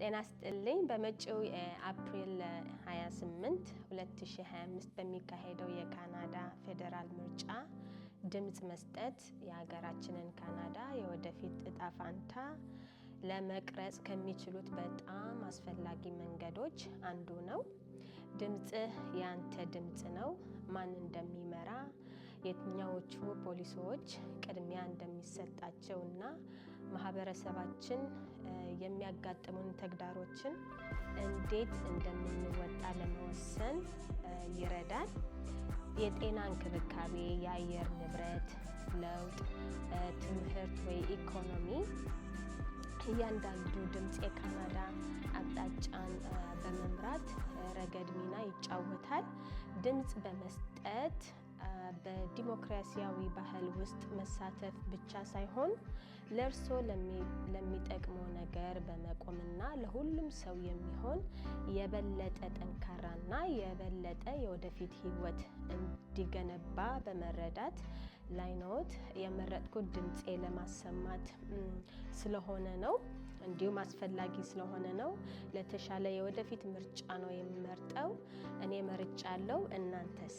ጤና ስጥልኝ። በመጪው የአፕሪል 28 2025 በሚካሄደው የካናዳ ፌዴራል ምርጫ ድምፅ መስጠት የሀገራችንን ካናዳ የወደፊት እጣ ፋንታ ለመቅረጽ ከሚችሉት በጣም አስፈላጊ መንገዶች አንዱ ነው። ድምፅህ ያንተ ድምፅ ነው። ማን እንደሚመራ የትኛዎቹ ፖሊሲዎች ቅድሚያ እንደሚሰጣቸውና ማህበረሰባችን የሚያጋጥሙን ተግዳሮችን እንዴት እንደምንወጣ ለመወሰን ይረዳል። የጤና እንክብካቤ፣ የአየር ንብረት ለውጥ፣ ትምህርት ወይ ኢኮኖሚ እያንዳንዱ ድምፅ የካናዳ አቅጣጫን በመምራት ረገድ ሚና ይጫወታል። ድምፅ በመስጠት በዲሞክራሲያዊ ባህል ውስጥ መሳተፍ ብቻ ሳይሆን ለእርስዎ ለሚጠቅመው ነገር በመቆምና ለሁሉም ሰው የሚሆን የበለጠ ጠንካራና የበለጠ የወደፊት ህይወት እንዲገነባ በመረዳት ላይኖት የመረጥኩት ድምፄ ለማሰማት ስለሆነ ነው። እንዲሁም አስፈላጊ ስለሆነ ነው። ለተሻለ የወደፊት ምርጫ ነው የምመርጠው። እኔ መርጫ እናንተስ?